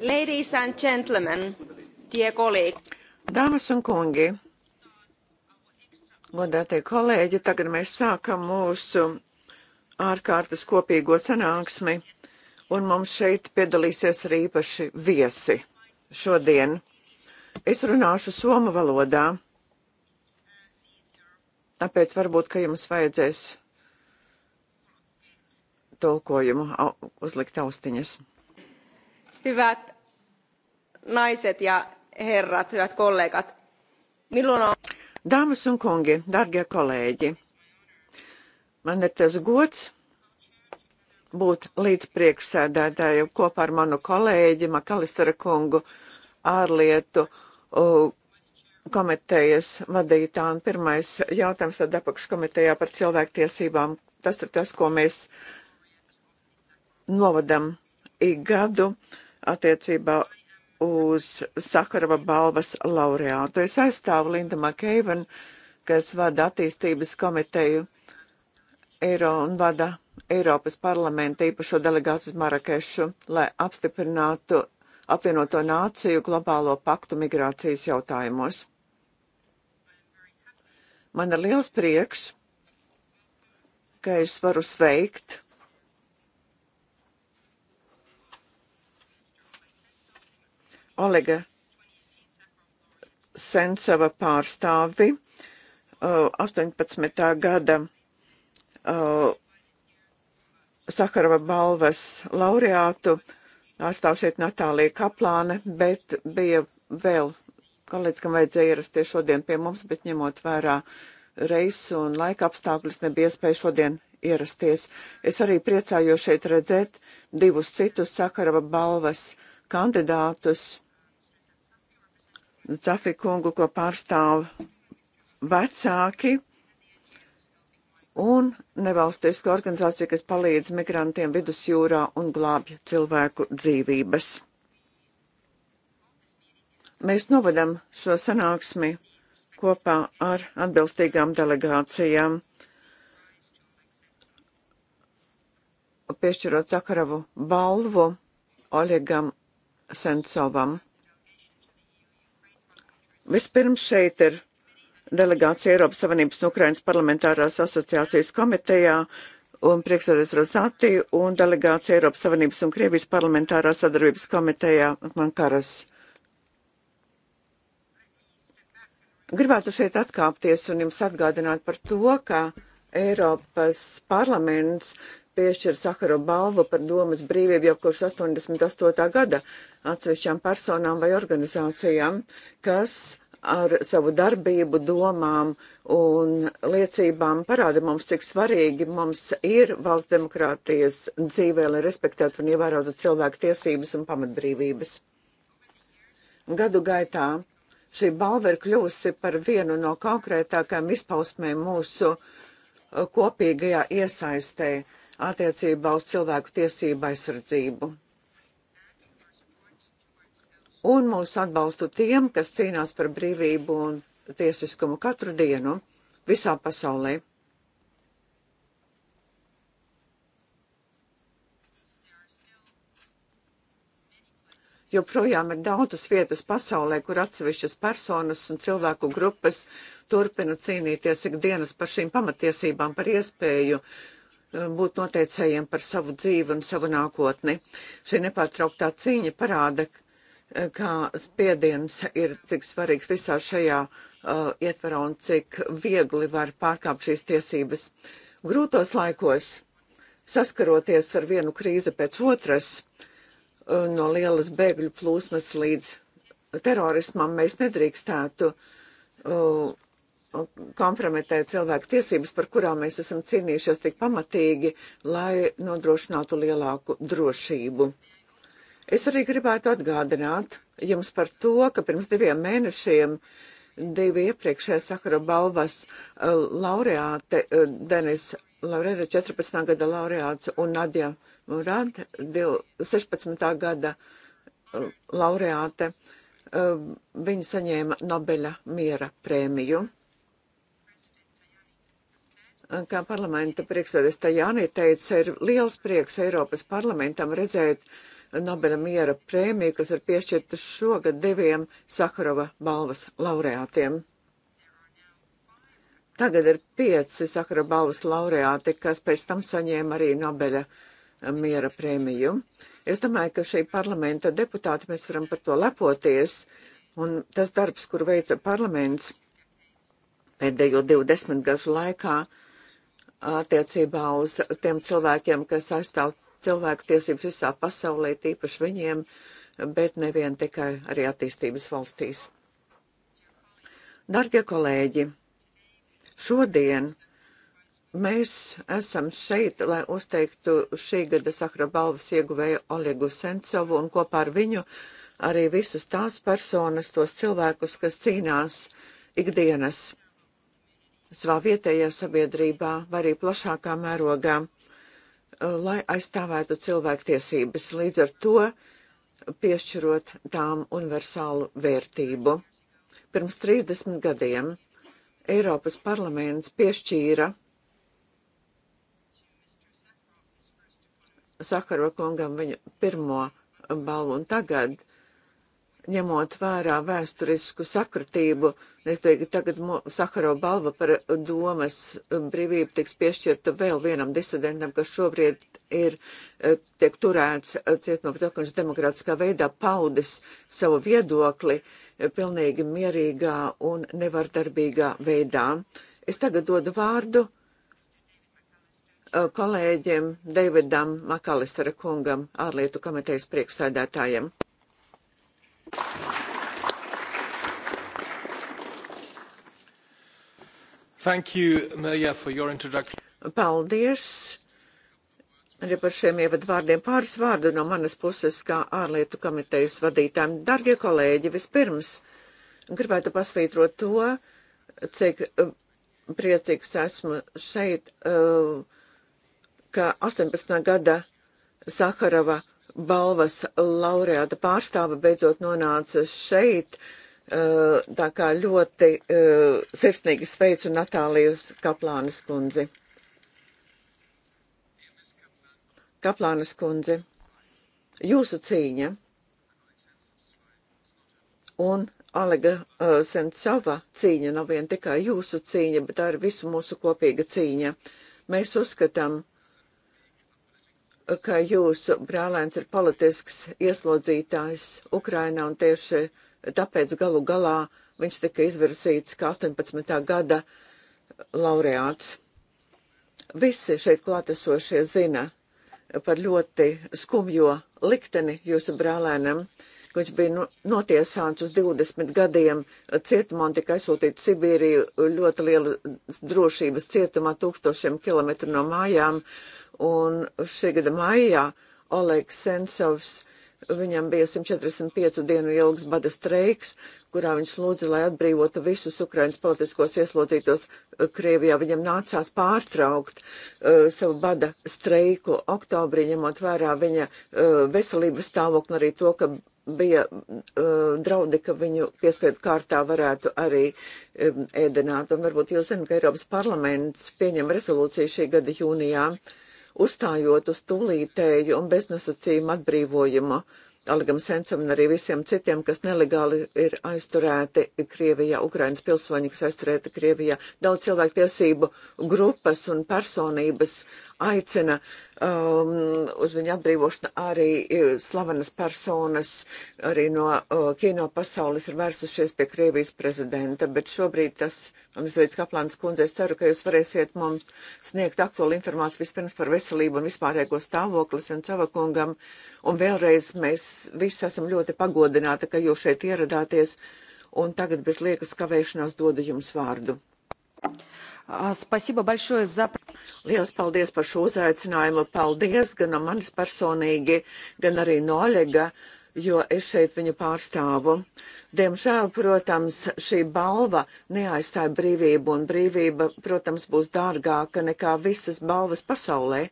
Ladies and gentlemen, tie kolēģi. Dāmas un kungi, godātie kolēģi, tagad mēs sākam mūsu ārkārtas kopīgo sanāksmi, un mums šeit piedalīsies arī īpaši viesi šodien. Es runāšu somu valodā, tāpēc varbūt, ka jums vajadzēs tulkojumu uzlikt austiņas. Hyvät naiset ja herrat, hyvät kollegat, milloin on... Dāmas un kungi, dargie kolēģi, man ir tas gods būt līdzpriekšsēdētāju kopā ar manu kolēģi Makalistara kungu ārlietu komitejas vadītā un pirmais jautājums tad apakškomitejā par cilvēktiesībām. Tas ir tas, ko mēs novadam ik gadu. Uh, attiecībā uz Sakarava balvas laureātu. Es aizstāvu Linda Makeivan, kas vada attīstības komiteju Eiro un vada Eiropas parlamenta īpašo delegāciju uz Marakešu, lai apstiprinātu apvienoto nāciju globālo paktu migrācijas jautājumos. Man ir liels prieks, ka es varu sveikt Olega Sensova pārstāvi 18. Uh, gada uh, Sakarava balvas laureātu aizstāvsiet Natālija Kaplāne, bet bija vēl kolēģis, kam vajadzēja ierasties šodien pie mums, bet ņemot vērā reisu un laika apstākļus, nebija iespēja šodien ierasties. Es arī priecājos šeit redzēt divus citus Sakarava balvas kandidātus Cafi kungu, ko pārstāv vecāki un nevalstisko organizāciju, kas palīdz migrantiem vidusjūrā un glābj cilvēku dzīvības. Mēs novadam šo sanāksmi kopā ar atbilstīgām delegācijām, piešķirot Zakarovu balvu Oļegam Sencovam. Vispirms šeit ir delegācija Eiropas Savienības un Ukrainas parlamentārās asociācijas komitejā un priekšsēdētājs Rosati un delegācija Eiropas Savienības un Krievijas parlamentārā sadarbības komitejā Mankaras. Gribētu šeit atkāpties un jums atgādināt par to, ka Eiropas parlaments piešķir Sakaro balvu par domas brīvību jau kurš 88. gada atsevišķām personām vai organizācijām, kas ar savu darbību, domām un liecībām parāda mums, cik svarīgi mums ir valsts demokrātijas dzīvē, lai respektētu un ievērotu cilvēku tiesības un pamatbrīvības. Gadu gaitā šī balva ir kļuvusi par vienu no konkrētākajām izpausmēm mūsu kopīgajā iesaistē attiecībā uz cilvēku tiesību aizsardzību. Un mūsu atbalstu tiem, kas cīnās par brīvību un tiesiskumu katru dienu visā pasaulē. joprojām ir daudzas vietas pasaulē, kur atsevišķas personas un cilvēku grupas turpina cīnīties ikdienas par šīm pamatiesībām, par iespēju būt noteicējiem par savu dzīvi un savu nākotni. Šī nepārtrauktā cīņa parāda, kā spiediens ir cik svarīgs visā šajā uh, ietvarā un cik viegli var pārkāpt šīs tiesības. Grūtos laikos, saskaroties ar vienu krīzi pēc otras, uh, no lielas bēgļu plūsmas līdz terorismam, mēs nedrīkstētu uh, kompromitē cilvēku tiesības, par kurām mēs esam cīnījušies tik pamatīgi, lai nodrošinātu lielāku drošību. Es arī gribētu atgādināt jums par to, ka pirms diviem mēnešiem divi iepriekšējā Sakara balvas eh, laureāte eh, Denis Laurēra 14. gada laureāts un Nadja Murad 16. gada eh, laureāte. Viņa saņēma Nobeļa miera prēmiju. Kā parlamenta priekšsēdētāja Jāni teica, ir liels prieks Eiropas parlamentam redzēt Nobela miera prēmiju, kas ir piešķirta šogad diviem Sakarova balvas laureātiem. Tagad ir pieci Sakarova balvas laureāti, kas pēc tam saņēma arī Nobela miera prēmiju. Es domāju, ka šī parlamenta deputāti mēs varam par to lepoties, un tas darbs, kur veica parlaments pēdējo 20 gažu laikā, uh, attiecībā uz tiem cilvēkiem, kas aizstāv cilvēku tiesības visā pasaulē, tīpaši viņiem, bet nevien tikai arī attīstības valstīs. Dargie kolēģi, šodien mēs esam šeit, lai uzteiktu šī gada Sakra balvas ieguvēju Olegu Sencovu un kopā ar viņu arī visas tās personas, tos cilvēkus, kas cīnās ikdienas savā vietējā sabiedrībā vai arī plašākā mērogā, eh, lai aizstāvētu cilvēktiesības, līdz ar to piešķirot tām universālu vērtību. Pirms 30 gadiem Eiropas parlaments piešķīra Sakarva kungam viņa pirmo balvu, un tagad ņemot vērā vēsturisku sakratību. Es teiktu, ka tagad Sakaro balva par domas brīvību tiks piešķirta vēl vienam disidentam, kas šobrīd ir, eh, tiek turēts eh, cietumā, bet okans demokrātiskā veidā paudis savu viedokli eh, pilnīgi mierīgā un nevardarbīgā veidā. Es tagad dodu vārdu kolēģiem Davidam Makalisara kungam, ārlietu komitejas priekšsēdētājiem. Thank you, Mirja, for your introduction. Paldies arī par šiem ievadvārdiem. Pāris vārdu no manas puses kā ārlietu komitejas vadītājiem. Dargie kolēģi, vispirms gribētu pasvītrot to, cik uh, priecīgs esmu šeit, uh, ka 18. gada Saharova balvas laureāta pārstāve beidzot nonāca šeit. Eh, tā kā ļoti eh, sirsnīgi sveicu Natālijas Kaplānas kundzi. Kaplānas kundzi, jūsu cīņa un Alega uh, eh, Sencova cīņa nav vien tikai jūsu cīņa, bet tā ir visu mūsu kopīga cīņa. Mēs uzskatām, uh, ka jūsu brālēns ir politisks ieslodzītājs Ukrainā un tieši tāpēc galu galā viņš tika izvirsīts kā 18. gada laureāts. Visi šeit klātesošie zina par ļoti skumjo likteni jūsu brālēnam, ka viņš bija notiesāts uz 20 gadiem cietumā un tika aizsūtīts Sibīriju ļoti lielas drošības cietumā tūkstošiem kilometru no mājām Un šī gada maijā Oleks Sensovs, viņam bija 145 dienu ilgs bada streiks, kurā viņš lūdza, lai atbrīvotu visus Ukrainas politiskos ieslodzītos e, Krievijā. Viņam nācās pārtraukt uh, savu bada streiku oktobrī, ņemot vērā viņa uh, veselības stāvokli un arī to, ka bija uh, draudi, ka viņu piespiedu kārtā varētu arī um, ēdināt. Un varbūt jūs zināt, ka Eiropas parlaments pieņem rezolūciju šī gada jūnijā. Uh, uzstājot uz tūlītēju un beznosacījumu atbrīvojumu Algam Sencam un arī visiem citiem, kas nelegāli ir aizturēti Krievijā, Ukrainas pilsoņi, kas aizturēti Krievijā. Daudz cilvēku tiesību grupas un personības uh, aicina um, uz viņu atbrīvošanu arī e, slavenas personas, arī no uh, kino pasaules ir vērsušies pie Krievijas prezidenta, bet šobrīd tas, un es redzu, Kaplāns kundze, es ceru, ka jūs varēsiet mums sniegt aktuālu informāciju vispirms par veselību un vispārējo stāvoklis un cavakungam, un vēlreiz mēs visi esam ļoti pagodināti, ka jūs šeit ieradāties, un tagad bez liekas kavēšanās dodu jums vārdu. Thank you. Spasība balšoja za. Lielas paldies par šo uzaicinājumu. Paldies gan no manis personīgi, gan arī no Oļega, jo es šeit viņu pārstāvu. Diemžēl, protams, šī balva neaizstāja brīvību, un brīvība, protams, būs dārgāka nekā visas balvas pasaulē.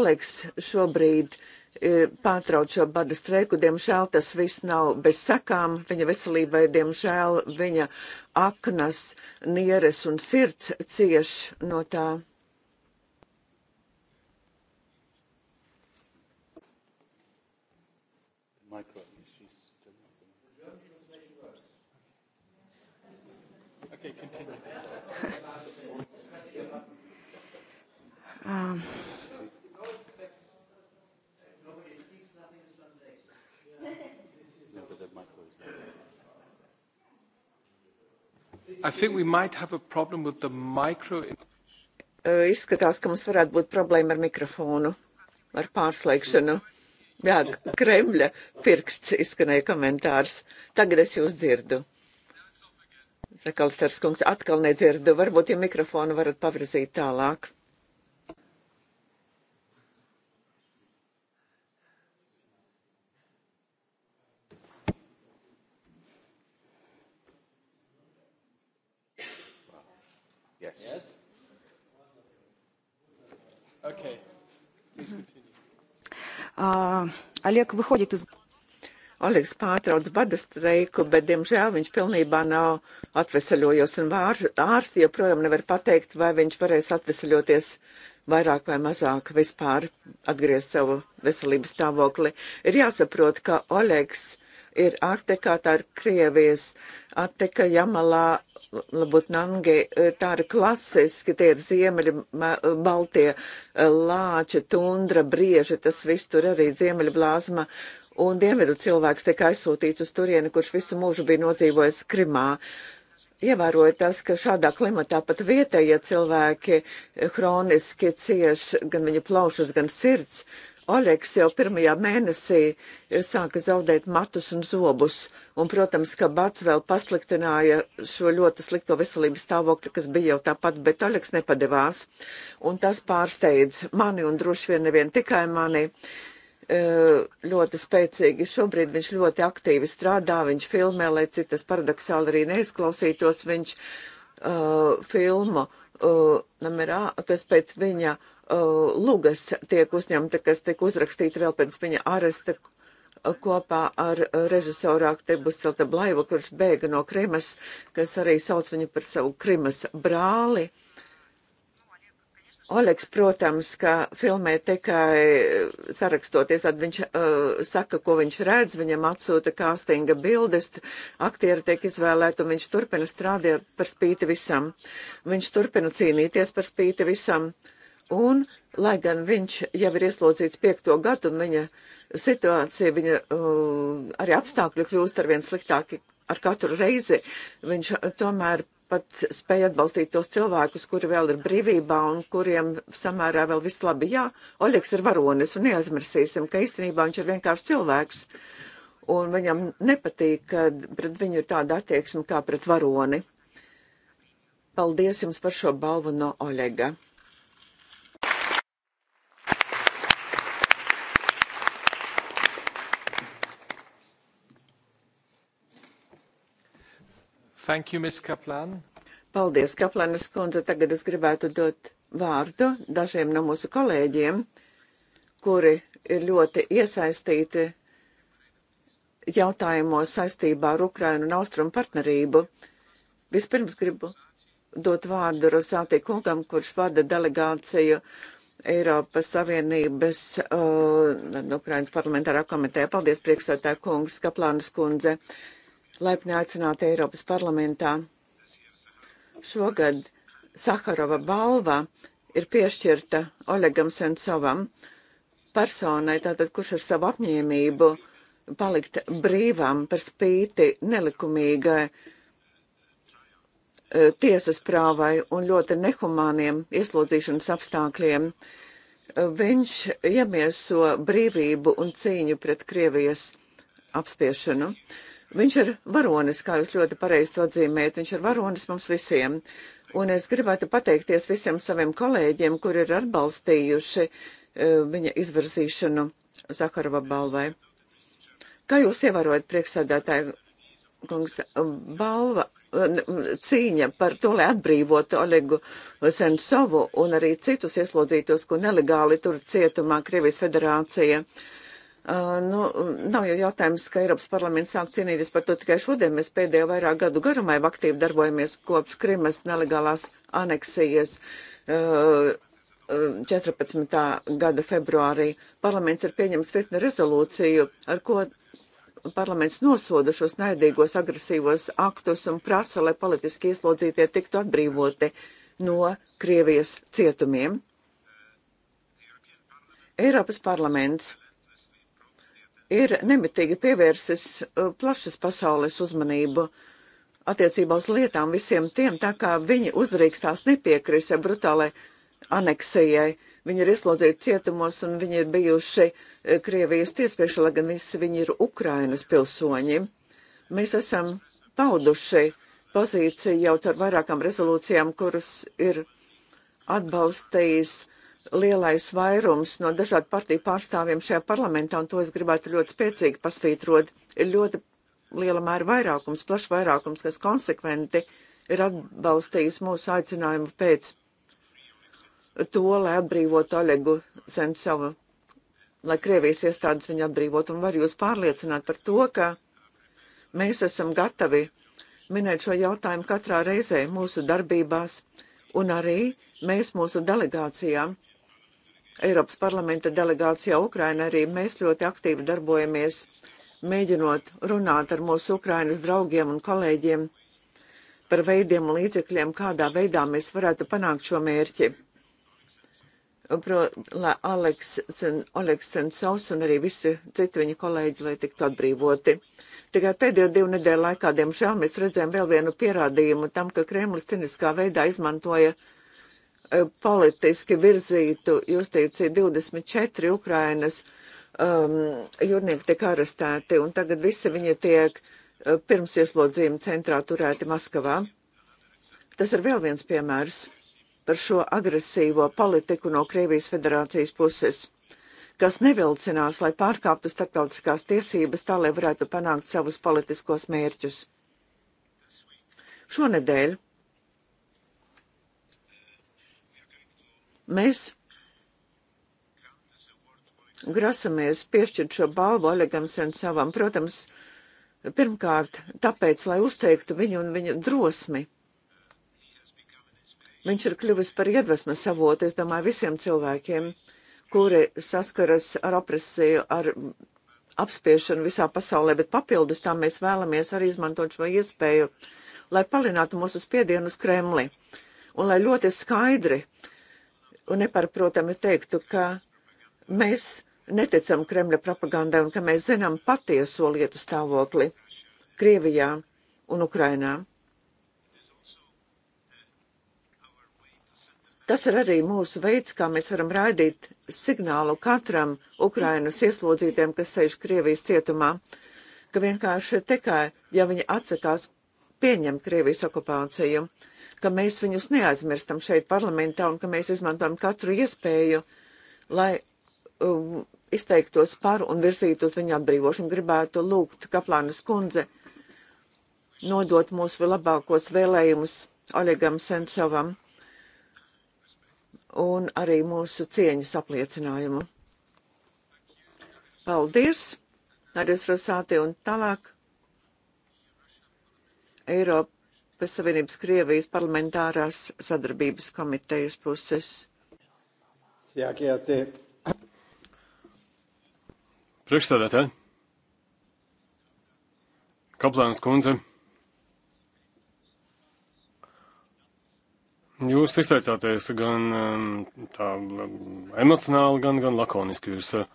Oleks šobrīd uh, E, pārtraukt šo bada streiku. Diemžēl tas viss nav bez sakām. Viņa veselībai, diemžēl, viņa aknas, nieres un sirds cieš no tā. Okay, continue. um. Micro... Izskatās, ka mums varētu būt problēma ar mikrofonu, ar pārslēgšanu. Jā, Kremļa pirksts izskanēja komentārs. Tagad es jūs dzirdu. Sakalstars kungs, atkal nedzirdu. Varbūt, ja mikrofonu varat pavirzīt tālāk. Okay. Uh, Aliek, выходит из... Oleks pārtrauc badastreiku, bet, diemžēl, viņš pilnībā nav atvesaļojies, un ārsti joprojām nevar pateikt, vai viņš varēs atvesaļoties vairāk vai mazāk vispār atgriezt savu veselības stāvokli. Ir jāsaprot, ka Oleks ir Artekā, tā ir Krievijas. Arteka, Jamalā, Labutnangi, e, tā ir klasiski, tie ir ziemeļi, baltie e, lāči, tundra, brieži, tas viss tur arī ziemeļa blāzma. Un dienvidu cilvēks tiek aizsūtīts uz turieni, kurš visu mūžu bija nodzīvojis Krimā. Ievēroju tas, ka šādā klimatā pat vietējie cilvēki e, hroniski cieš gan viņu plaušas, gan sirds Oleks jau pirmajā mēnesī sāka zaudēt matus un zobus, un, protams, ka Bats vēl pasliktināja šo ļoti slikto veselības stāvokli, kas bija jau tāpat, bet Oleks nepadevās, un tas pārsteidz mani un droši vien nevien tikai mani e, ļoti spēcīgi. Šobrīd viņš ļoti aktīvi strādā, viņš filmē, lai cik tas paradoxāli arī neizklausītos, viņš uh, filmu, uh, e, namerā, kas pēc viņa Uh, lugas tiek uzņemta, kas tiek uzrakstīta vēl pirms viņa aresta uh, kopā ar uh, režisoru Aktebu Silta Blaivu, kurš bēga no Krimas, kas arī sauc viņu par savu Krimas brāli. Oleks, protams, ka filmē tikai sarakstoties, tad viņš uh, saka, ko viņš redz, viņam atsūta kāstinga bildes, aktieri tiek izvēlēti un viņš turpina strādāt par spīti visam. Viņš turpina cīnīties par spīti visam. Uh, Un, lai gan viņš jau ir ieslodzīts piekto gadu, viņa situācija, viņa uh, arī apstākļi kļūst ar vien sliktāki ar katru reizi. Viņš tomēr pat spēja atbalstīt tos cilvēkus, kuri vēl ir brīvībā un kuriem samērā vēl viss labi. Jā, Oļegs ir varonis un neaizmirsīsim, ka īstenībā viņš ir vienkārši cilvēks. Un viņam nepatīk, ka pret viņu ir tāda attieksme kā pret varoni. Paldies jums par šo balvu no Oļega. Thank you, Ms. Kaplan. Paldies, Kaplanes kundze. Tagad es gribētu dot vārdu dažiem no mūsu kolēģiem, kuri ir ļoti iesaistīti jautājumos saistībā ar Ukrainu un Austrumu partnerību. Vispirms gribu dot vārdu Rosātī kungam, kurš vada delegāciju Eiropas Savienības uh, Ukrainas parlamentārā komiteja. Paldies, priekšsētā kungs, Kaplānas kundze. Uh, laipni aicināti Eiropas parlamentā. Šogad Saharova balva ir piešķirta Olegam Sencovam, personai, tātad kurš ar savu apņēmību palikt brīvam par spīti nelikumīgai e, tiesas prāvai un ļoti nehumāniem ieslodzīšanas apstākļiem. E, viņš iemieso brīvību un cīņu pret Krievijas apspiešanu. Uh, Viņš ir varonis, kā jūs ļoti pareizi to dzīmējat, viņš ir varonis mums visiem. Un es gribētu pateikties visiem saviem kolēģiem, kur ir atbalstījuši eh, viņa izvirzīšanu Zakarova balvai. Kā jūs ievērojat priekšsēdētāju kungs balva cīņa par to, lai atbrīvotu Olegu Sensovu un arī citus ieslodzītos, ko nelegāli tur cietumā Krievijas federācija uh, Uh, nu, nav jau jautājums, ka Eiropas parlaments sāk cīnīties par to tikai šodien. Mēs pēdējo vairāk gadu garumā jau aktīvi darbojamies kopš Krimas nelegālās aneksijas. Uh, 14. Um, gada februārī parlaments ir pieņems virkni rezolūciju, ar ko parlaments nosoda šos naidīgos agresīvos aktus un prasa, lai politiski ieslodzītie tiktu atbrīvoti no Krievijas cietumiem. Eiropas parlaments ir nemitīgi pievērsis uh, plašas pasaules uzmanību attiecībā uz lietām visiem tiem, tā kā viņi uzdrīkstās nepiekrist šai brutālai aneksijai. Viņi ir ieslodzīti cietumos un viņi ir bijuši uh, Krievijas tiesprieši, lai gan visi viņi ir Ukrainas pilsoņi. Mēs esam pauduši pozīciju jau ar vairākām rezolūcijām, kuras ir atbalstījis lielais vairums no dažādu partiju pārstāvjiem šajā parlamentā, un to es gribētu ļoti spēcīgi pasvītrot, ir ļoti liela mēra vairākums, plašs vairākums, kas konsekventi ir atbalstījis mūsu aicinājumu pēc to, lai atbrīvotu Olegu Sencovu, lai Krievijas iestādes viņu atbrīvotu, un var jūs pārliecināt par to, ka mēs esam gatavi minēt šo jautājumu katrā reizē mūsu darbībās, un arī mēs mūsu delegācijām Eiropas parlamenta delegācijā Ukraina arī mēs ļoti aktīvi darbojamies, mēģinot runāt ar mūsu Ukrainas draugiem un kolēģiem par veidiem un līdzekļiem, kādā veidā mēs varētu panākt šo mērķi. Pro, lai Aleks, Aleks Censovs un arī visi citi viņa kolēģi, lai tiktu atbrīvoti. Tikai pēdējo divu nedēļu laikā, diemžēl, mēs redzējām vēl vienu pierādījumu tam, ka Kremlis ciniskā veidā izmantoja uh, Eh, politiski virzītu justīciju 24 Ukrainas um, jūrnieki tiek arestēti, un tagad visi viņi tiek uh, pirms ieslodzījuma centrā turēti Maskavā. Tas ir vēl viens piemērs par šo agresīvo politiku no Krievijas federācijas puses, kas nevilcinās, lai pārkāptu starptautiskās tiesības tā, lai varētu panākt savus politiskos mērķus. Šonedēļ Mēs grasamies piešķirt šo balvu Olegam Sensavam, protams, pirmkārt tāpēc, lai uzteiktu viņu un viņa drosmi. Viņš ir kļuvis par iedvesmas avotu, es domāju, visiem cilvēkiem, kuri saskaras ar opresiju, ar apspiešanu visā pasaulē, bet papildus tam mēs vēlamies arī izmantot šo iespēju, lai palinātu mūsu spiedienu uz Kremli un lai ļoti skaidri uh, un nepārprotami teiktu, ka mēs neticam Kremļa propagandai un ka mēs zinām patieso lietu stāvokli Krievijā un Ukrainā. Tas ir arī mūsu veids, kā mēs varam raidīt signālu katram Ukrainas ieslodzītiem, kas sēž Krievijas cietumā, ka vienkārši tikai, ja viņi atsakās pieņemt Krievijas okupāciju, ka mēs viņus neaizmirstam šeit parlamentā un ka mēs izmantojam katru iespēju, lai uh, izteiktos par un virzītu uz viņu atbrīvošanu. Gribētu lūgt Kaplānas kundze nodot mūsu labākos vēlējumus Oļegam Senčovam un arī mūsu cieņas apliecinājumu. Paldies! Arī Rosāti un tālāk. Eiropa Eiropas Savienības Krievijas parlamentārās sadarbības komitejas puses. Jākajātie. Priekšstādātāji. Kaplāns kundze. Jūs izteicāties gan um, tā emocionāli, gan, gan lakoniski. Jūs uh,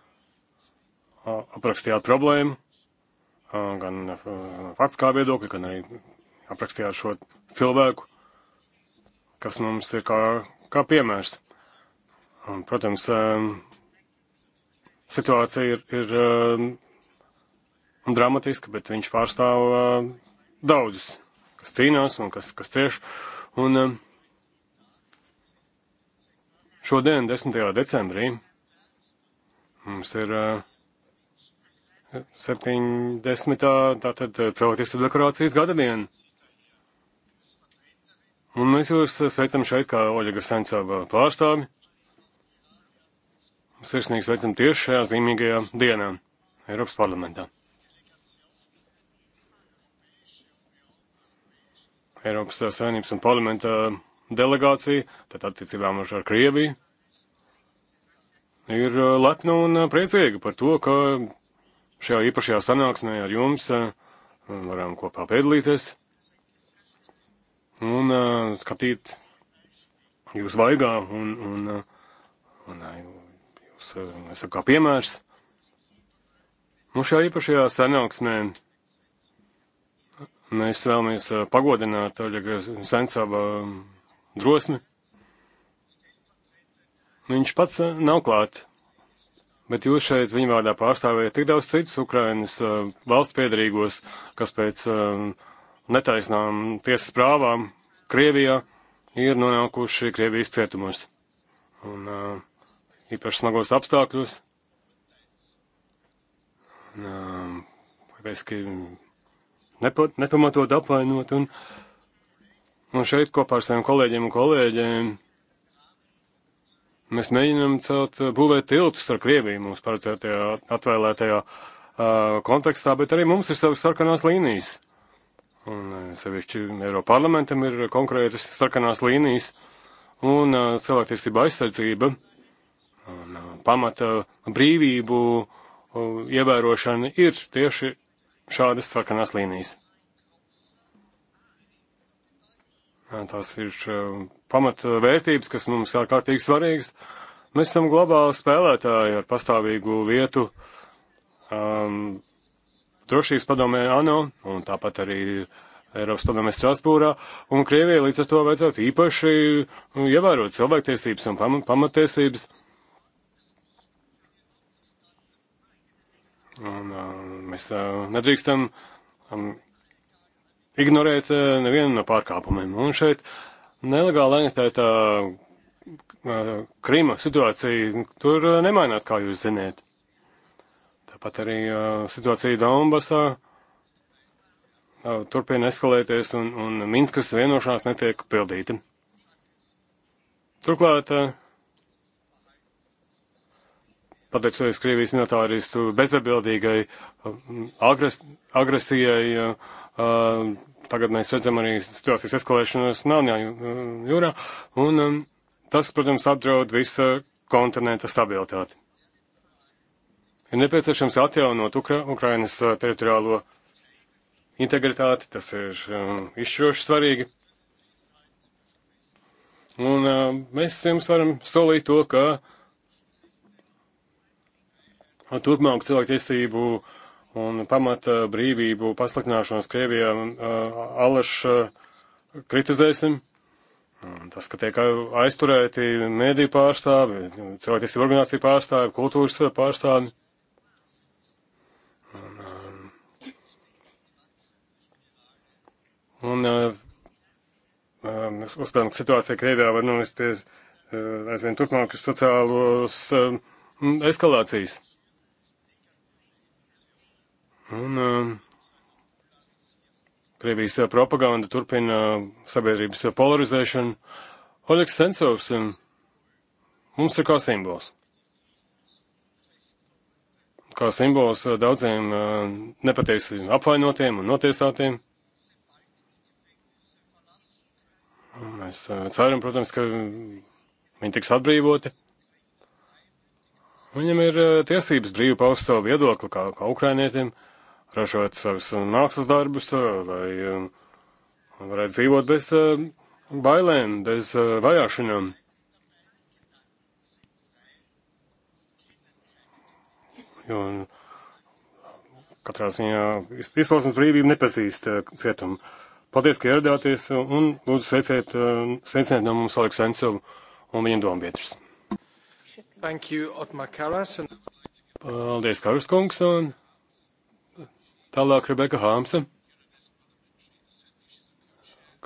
aprakstījāt problēmu, gan faktiskā uh, viedokļa, gan arī aprakstījāt šo cilvēku, kas mums ir kā, kā piemērs. Un, protams, situācija ir, ir dramatiska, bet viņš pārstāv daudzus, kas cīnās un kas, kas cieš. Un šodien, 10. decembrī, mums ir 70. tātad cilvēktiesību deklarācijas gada diena. Un mēs jūs sveicam šeit kā Oļega Sencova pārstāvi. Sirsnīgi sveicam tieši šajā zīmīgajā dienā Eiropas parlamentā. Eiropas Savienības un parlamenta delegācija, tad attiecībām ar, ar Krieviju, ir uh, lepna un uh, priecīga par to, ka šajā īpašajā sanāksmē ar jums uh, varam kopā piedalīties un uh, skatīt jūs vaigā un, un, un, un jūs, es saku, kā piemērs. Nu, šajā īpašajā sanāksmē mēs vēlamies pagodināt Oļega Sensava drosmi. Viņš pats nav klāt, bet jūs šeit viņa vārdā pārstāvējat tik daudz citus Ukrainas valsts piedarīgos, kas pēc uh, netaisnām tiesas prāvām Krievijā ir nonākuši Krievijas cietumos. Un uh, īpaši smagos apstākļos. Uh, Vēski nepa, nepamatot apvainot. Un, un šeit kopā ar saviem kolēģiem un kolēģiem mēs mēģinām celt, būvēt tiltus ar Krieviju mūsu paredzētajā atvēlētajā uh, kontekstā, bet arī mums ir savas sarkanās līnijas. Uh, Un eh, sevišķi Eiropa parlamentam ir konkrētas sarkanās līnijas un eh, cilvēktiesība aizsardzība un eh, pamata brīvību ievērošana ir tieši šādas sarkanās līnijas. Tās ir pamatvērtības, kas mums ārkārtīgi svarīgas. Mēs esam globāli spēlētāji ar pastāvīgu vietu um, drošības padomē ANO un tāpat arī Eiropas padomē Strasbūrā, un Krievijai līdz ar to vajadzētu īpaši nu, ievērot cilvēktiesības un pam pamatiesības. Un, uh, mēs uh, nedrīkstam um, ignorēt uh, nevienu no pārkāpumiem. Un šeit nelegāla anektētā uh, Krīma situācija nu, tur uh, nemainās, kā jūs ziniet. Pat arī uh, situācija Donbasā uh, turpina eskalēties un, un Minskas vienošanās netiek pildīta. Turklāt, uh, pateicoties Krievijas militāristu bezatbildīgai uh, agres, agresijai, uh, tagad mēs redzam arī situācijas eskalēšanos Melnajā jūrā, un um, tas, protams, apdraud visa kontinenta stabilitāti ir nepieciešams atjaunot Ukra Ukrainas uh, teritoriālo integritāti, tas ir um, izšķiroši svarīgi. Un uh, mēs jums varam solīt to, ka turpmāk cilvēktiesību un pamata brīvību pasliktināšanos Krievijā um, uh, alaši uh, kritizēsim. Tas, ka tiek aizturēti mēdī pārstāvi, cilvēktiesību organizāciju pārstāvi, kultūras pārstāvi. Un uh, um, uzskatām, ka situācija Krievijā var novest pie uh, aizvien turpmākas sociālos uh, eskalācijas. Un uh, Krievijas propaganda turpina sabiedrības polarizēšanu. Oļeks Sensovs um, mums ir kā simbols. Kā simbols uh, daudziem uh, nepatiesi apvainotiem un notiesātiem. Mēs ceram, protams, ka viņi tiks atbrīvoti. Viņam ir tiesības brīvi paust savu viedokli, kā, kā ukrainietim, ražot savus mākslas darbus, vai varētu dzīvot bez bailēm, bez vajāšanām. Jo katrā ziņā izpausmes brīvība nepazīst cietumu. Paldies, ka ieradāties un lūdzu sveiciet, eh, sveiciet no mums Aleksu Sensovu un viņa dombiedrus. Thank you, Otmar Karas. And... Paldies, Karas kungs, un tālāk Rebeka Hāmsa,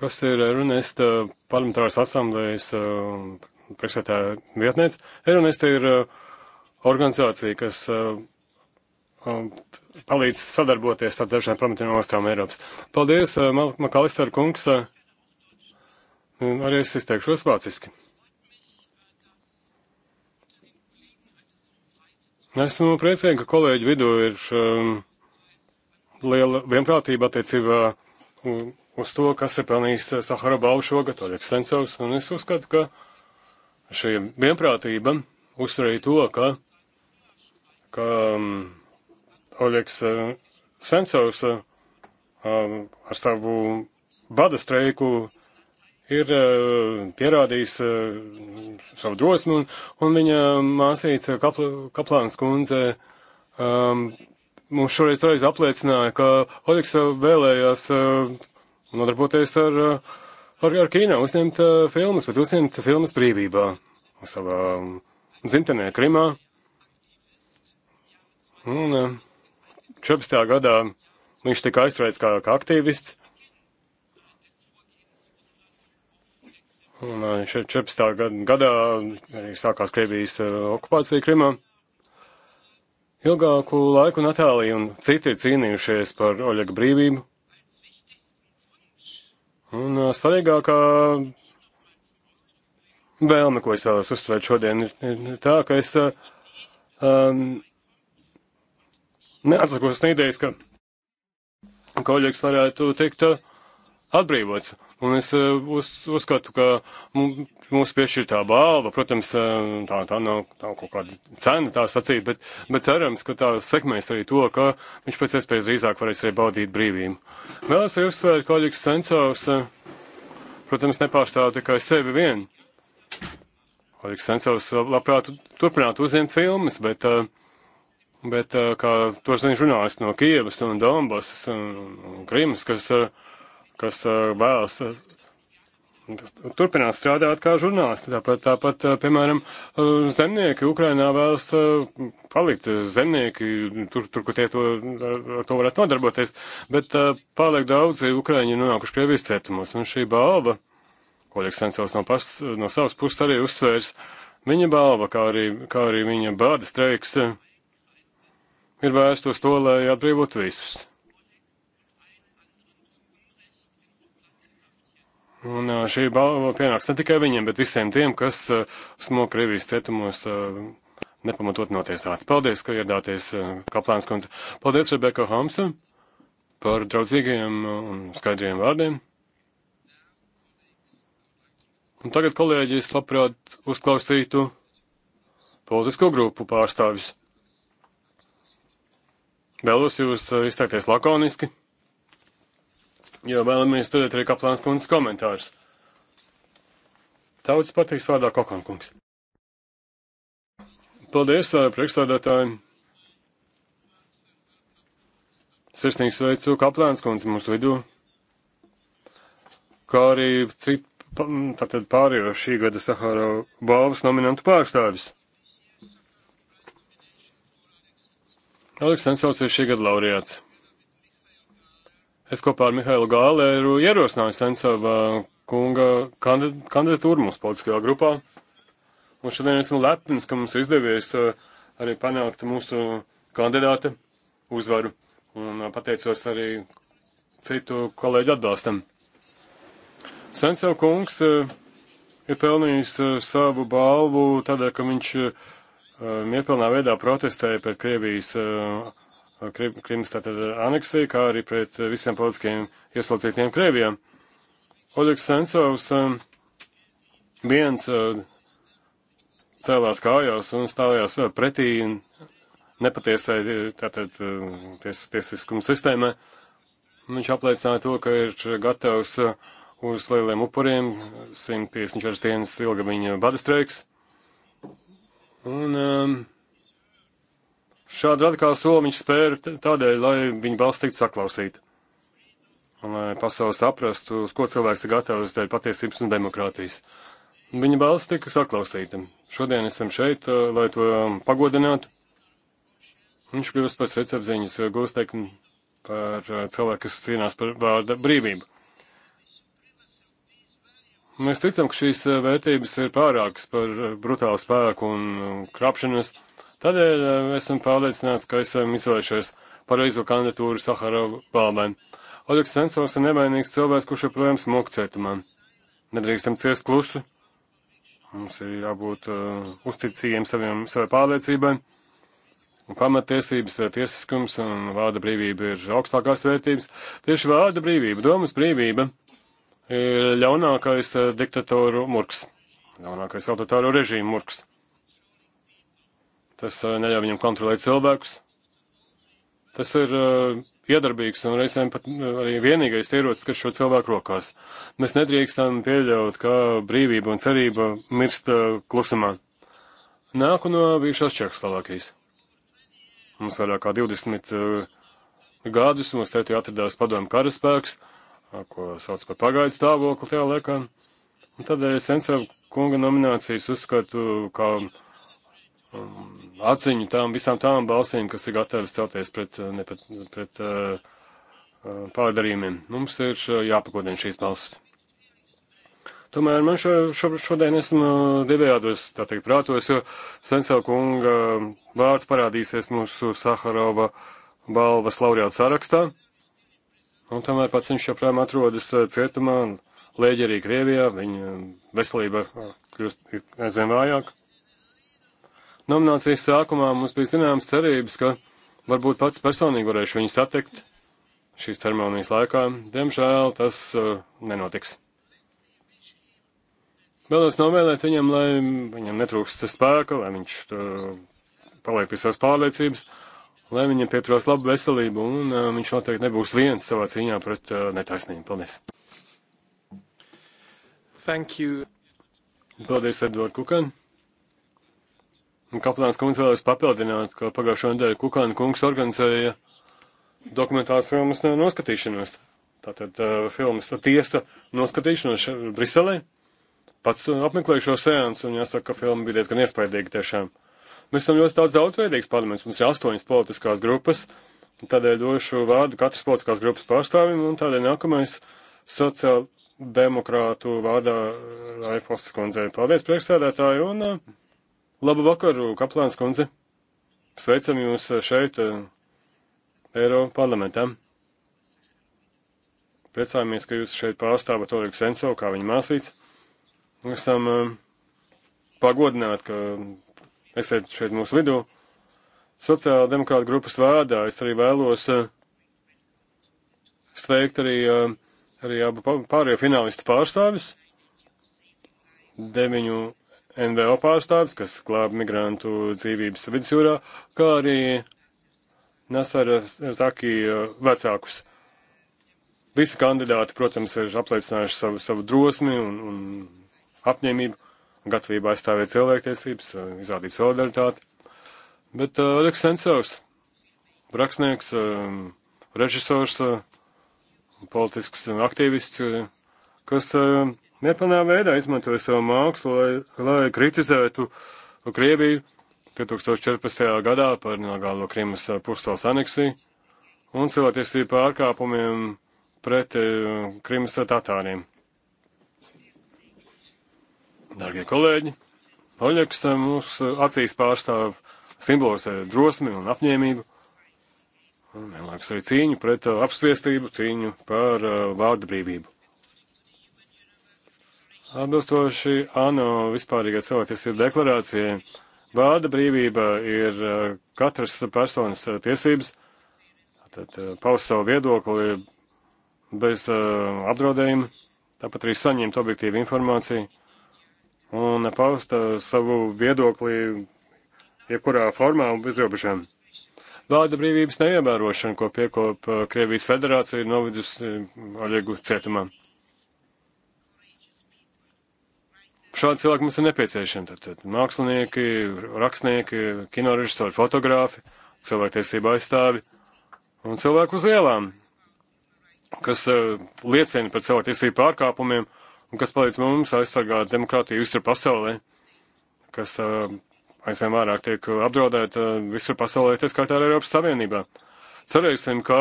kas ir Runesta parlamentāras asamblējas eh, priekšsētāja vietniece. Runesta ir eh, organizācija, kas um, palīdz sadarboties ar dažām prometiem ostrām Eiropas. Paldies, uh, Makalister kungs. Uh, arī es izteikšos vāciski. Esmu priecīgi, ka kolēģi vidū ir um, liela vienprātība attiecībā uz to, kas ir pelnījis uh, Sahara balvu šogad, Oļeks Sensovs, un es uzskatu, ka šī vienprātība uzsvarīja to, ka, ka um, Oļeks eh, Sensovs eh, um, ar savu bada streiku ir eh, pierādījis savu drosmi, un, un viņa māsīca Kapla, Kaplāns kundze um, mums šoreiz reiz apliecināja, ka Oļeks vēlējās uh, nodarboties ar, ar, ar kīnā, uzņemt uh, filmas, bet uzņemt filmas brīvībā savā mm, dzimtenē Krimā. Un, uh, 14. gadā viņš tika aizturēts kā, kā aktīvists. Un 14. Eh, gadā arī sākās Krievijas eh, okupācija Krimā. Ilgāku laiku Natālija un citi ir cīnījušies par Oļega brīvību. Un eh, svarīgākā vēlme, ko es vēlos uzsvērt šodien, ir, ir tā, ka es um, neatsakos no idejas, ka kolēģis varētu tikt uh, atbrīvots. Un es uh, uz, uzskatu, ka mūsu piešķirtā balva, protams, uh, tā, tā nav, nav kaut kāda cena tā sacīt, bet, bet cerams, ka tā sekmēs arī to, ka viņš pēc iespējas drīzāk varēs arī baudīt brīvību. Vēlos arī uzsvērt, ka Oļiks Sensovs, protams, nepārstāv tikai sevi vienu. Oļiks Sensovs labprāt turpinātu uzņemt filmas, bet uh, Bet, eh, kā to zina žurnālisti no Kievas un Donbassas un, un Krimas, kas, eh, kas eh, vēlas, kas turpinās strādāt kā žurnālisti, tāpat, tāpat, piemēram, zemnieki Ukrainā vēlas palikt, zemnieki, tur, tur kur tie to, ar to varētu nodarboties, bet pārliek daudzi Ukraiņi ir nonākuši Krievijas cietumos, un šī balva, ko Lieksensovs no, pas, no savas puses arī uzsvērs, viņa balva, kā arī, kā arī viņa bāda streiks, ir vērsta uz to, lai atbrīvotu visus. Un šī balva pienāks ne tikai viņiem, bet visiem tiem, kas smo Krievijas cietumos nepamatot notiesāti. Paldies, ka ieradāties, Kaplāns kundze. Paldies, Rebeka Hamsa, par draudzīgajiem un skaidriem vārdiem. Un tagad, kolēģi, es labprāt uzklausītu politisko grupu pārstāvis. Vēlos jūs eh, izteikties lakoniski, jo vēlamies studēt arī Kaplāns kundzes komentārus. Tautas patīs vārdā Kokonkungs. Paldies, eh, priekšstādātāji! Sirsnīgs veicu Kaplēns kundze mūsu vidū, kā arī cit, tātad pārējo šī gada Sahara balvas nominantu pārstāvis. Aleksandrs ir šī gada laureāts. Es kopā ar Mihailu Gālēru ierosināju Sensova kunga kandidatūru mūsu politiskajā grupā. Un šodien esmu lepns, ka mums izdevies eh, arī panākt mūsu kandidāta uzvaru. Un eh, pateicos arī citu kolēģu atbalstam. Sensova kungs eh, ir pelnījis savu balvu tādēļ, ka viņš ir Ehm, Miepilnā veidā protestēja pret Krievijas ehm, Krimas tātad aneksiju, kā arī pret visiem politiskiem ieslodzītiem Krievijam. Oļegs Sensovs ehm, viens cēlās kājās un stājās pretī nepatiesai tātad ties, tiesiskuma sistēmai. Viņš apliecināja to, ka ir gatavs uz lieliem upuriem, 154 dienas ilga viņa badastreiks. Un um, šādu radikālu soli viņš spēra tādēļ, lai viņa balss tiktu saklausīta. Un lai pasaule saprastu, uz ko cilvēks ir gatavs dēļ patiesības un demokrātijas. Un viņa balss tika saklausīta. Šodien esam šeit, uh, lai to um, pagodinātu. Viņš kļūst par sirdsapziņas uh, gūstekni, par uh, cilvēku, kas cīnās par vārda brīvību. Mēs ticam, ka šīs eh, vērtības ir pārākas par eh, brutālu spēku un eh, krāpšanas. Tādēļ esam pārliecināti, ka esam izvēlējušies pareizo kandidatūru Saharova balvai. Oļegs Sensors ir nevainīgs cilvēks, kurš joprojām smog cietumā. Nedrīkstam ciest klusu. Mums ir jābūt uh, uzticīgiem saviem, savai pārliecībai. Un pamatiesības, tiesiskums un vārda brīvība ir augstākās vērtības. Tieši vārda brīvība, domas brīvība ir e, ļaunākais e, diktatoru murgs, ļaunākais autoritāro režīmu murgs. Tas e, neļauj viņam kontrolēt cilvēkus. Tas ir iedarbīgs un reizēm pat arī vienīgais ierocis, kas šo cilvēku rokās. Mēs nedrīkstam pieļaut, ka brīvība un cerība mirst klusumā. Nāku no bijušās Čehoslovākijas. Mums vairāk kā 20 gadus mums te atradās padomu karaspēks, ko sauc par pagaidu stāvokli tajā laikā. Un tādēļ Sensava kunga nominācijas uzskatu kā um, atziņu tām visām tām balsīm, kas ir gatavas celties pret, uh, ne, pret, pret uh, uh pārdarījumiem. Mums ir uh, jāpakodien šīs balsis. Tomēr man šo, šo, šodien esmu divējādos, tā teikt, prātos, jo Sensela kunga vārds parādīsies mūsu Saharova balvas laureāta sarakstā. Un nu, tomēr pats viņš joprojām atrodas eh, cietumā, un lēģi arī Krievijā, viņa veselība eh, kļūst aizvien vājāk. Nominācijas sākumā mums bija zināmas cerības, ka varbūt pats personīgi varēšu viņu satikt šīs ceremonijas laikā. Diemžēl tas uh, nenotiks. Vēlos novēlēt viņam, lai viņam netrūkst spēka, lai viņš uh, paliek pie savas pārliecības. Uh, lai viņam pieturās labu veselību, un uh, viņš noteikti nebūs viens savā cīņā pret uh, netaisnību. Paldies! Thank you! Paldies, Edvard Kukan! Kaplāns kungs vēlēs papildināt, ka pagājušo nedēļu Kukāna kungs organizēja dokumentālas filmas noskatīšanos. Tātad uh, filmas tiesa noskatīšanos Briselē. Pats apmeklēju šo seansu un jāsaka, ka filma bija diezgan iespaidīga tiešām. Uh, Mēs esam ļoti tāds daudzveidīgs parlaments, mums ir astoņas politiskās grupas, un tādēļ došu vārdu katras politiskās grupas pārstāvim, un tādēļ nākamais sociāldemokrātu vārdā eh, Raifostas kundzei. Paldies, priekšsēdētāji, un eh, labu vakaru, Kaplāns kundze. Sveicam jūs eh, šeit, Eiropa parlamentā. Priecājamies, ka jūs šeit pārstāvat Olegu Sensovu, kā viņa māsīts. Esam pagodināti, ka Esiet šeit mūsu vidū. Sociāla demokrāta grupas vārdā es arī vēlos uh, sveikt arī, uh, arī abu pārējo finālistu pārstāvis, deviņu NVO pārstāvis, kas klāba migrantu dzīvības vidusjūrā, kā arī Nasara Zaki uh, vecākus. Visi kandidāti, protams, ir apliecinājuši savu, savu drosmi un, un apņēmību gatavība aizstāvēt cilvēktiesības, eh, izrādīt solidaritāti. Bet uh, Aleks Sensors, rakstnieks, uh, režisors, uh, politisks aktīvists, uh, kas uh, nepanā veidā izmantoja savu mākslu, lai, lai kritizētu Krieviju 2014. gadā par nelegālo Krimas pussalas aneksiju un cilvēktiesību pārkāpumiem pret uh, Krimas tatāriem. Dārgie kolēģi, Oļegs mūsu eh, acīs pārstāv simbolizē eh, drosmi un apņēmību. Un vienlaikus arī cīņu pret uh, apspiestību, cīņu par uh, vārdu brīvību. Atbilstoši ANO vispārīgai cilvēktiesību deklarācijai, vārda brīvība ir uh, katras personas uh, tiesības, tad uh, paust savu viedokli bez uh, apdraudējuma, tāpat arī saņemt objektīvu informāciju un paust uh, savu viedokli jebkurā formā un bez robežām. Vārda brīvības neievērošana, ko piekop uh, Krievijas federācija, ir novedusi uh, Oļegu cietumā. Šādi cilvēki mums ir nepieciešami. Tad, tad mākslinieki, rakstnieki, kinorežisori, fotogrāfi, cilvēktiesība aizstāvi un cilvēku uz ielām, kas uh, liecina par cilvēktiesību pārkāpumiem un kas palīdz mums aizsargāt demokrātiju visur pasaulē, kas aizvien vairāk tiek apdraudēta visur pasaulē, tā skaitā arī Eiropas Savienībā. Cerēsim, ka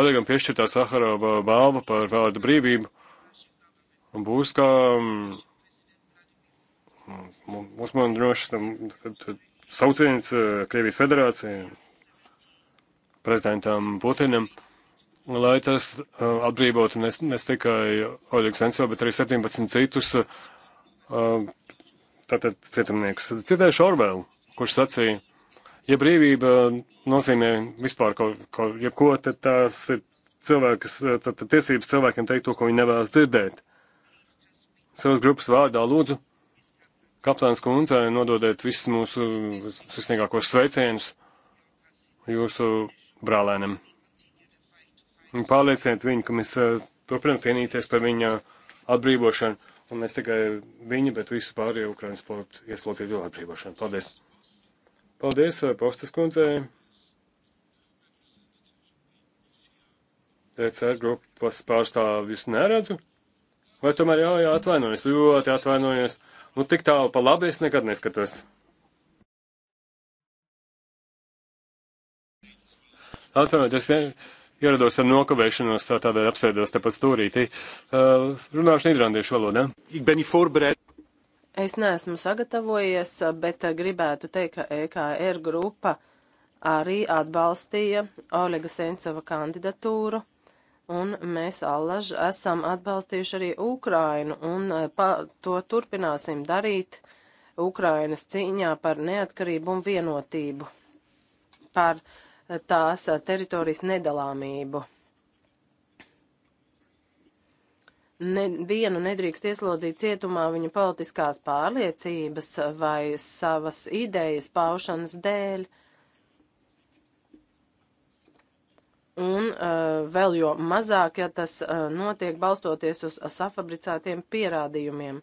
Olegam piešķirtā Saharova balva par vārdu brīvību būs kā mūsu man drošs sauciens Krievijas federācija prezidentam Putinam lai tas uh, atbrīvotu ne, ne tikai Oļegu Sensovu, bet arī 17 citus uh, tātad cietumniekus. Citējuši Orvēlu, kurš sacīja, ja brīvība nozīmē vispār kaut ko, jebko, tad tās ir cilvēkas, uh, tad, tad tiesības cilvēkiem teikt to, ko viņi nevēlas dzirdēt. Savas grupas vārdā lūdzu, kaplēns kundzei nododiet visus mūsu visniegākos sveicienus jūsu brālēniem un pārliecināt viņu, ka mēs turpinām cienīties par viņa atbrīvošanu, un ne tikai viņa, bet visu pārējo Ukrainas sporta ieslodzīto atbrīvošanu. Paldies! Paldies, Postas kundzei! ECR grupas pārstāvjus neredzu. Vai tomēr jā, jā, atvainojos, ļoti atvainojos. Nu, tik tālu pa labi es nekad neskatos. Atvainojos, ne, ierados ar nokavēšanos, tā tādēļ apsēdos tepat stūrītī. Uh, runāšu nīderlandiešu valodā. Es neesmu sagatavojies, bet uh, gribētu teikt, ka EKR grupa arī atbalstīja Olega Sencova kandidatūru, un mēs allaž esam atbalstījuši arī Ukrainu, un uh, pa, to turpināsim darīt Ukrainas cīņā par neatkarību un vienotību. Par uh, tās teritorijas nedalāmību. ne, vienu nedrīkst ieslodzīt cietumā viņa politiskās pārliecības vai savas idejas paušanas dēļ. Un uh, vēl jo mazāk, ja tas uh, notiek balstoties uz safabricētiem pierādījumiem.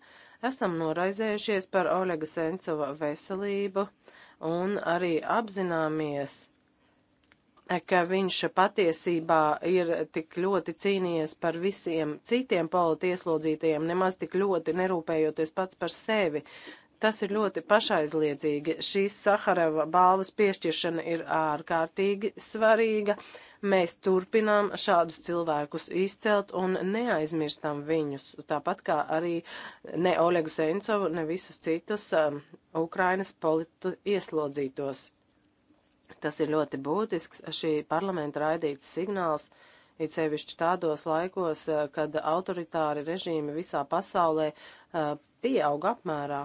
Esam noraizējušies par Olega Sencova veselību un arī apzināmies, uh, ka viņš patiesībā ir tik ļoti cīnījies par visiem citiem politieslodzītajiem, nemaz tik ļoti nerūpējoties pats par sevi. Tas ir ļoti pašaizliedzīgi. Šīs Saharava balvas piešķiršana ir ārkārtīgi svarīga. Mēs turpinām šādus cilvēkus izcelt un neaizmirstam viņus, tāpat kā arī ne Olegu Sencovu, ne visus citus um, Ukrainas politi ieslodzītos. Tas ir ļoti būtisks šī parlamenta raidīts signāls, it sevišķi tādos laikos, eh, kad autoritāri režīmi visā pasaulē eh, pieauga apmērā.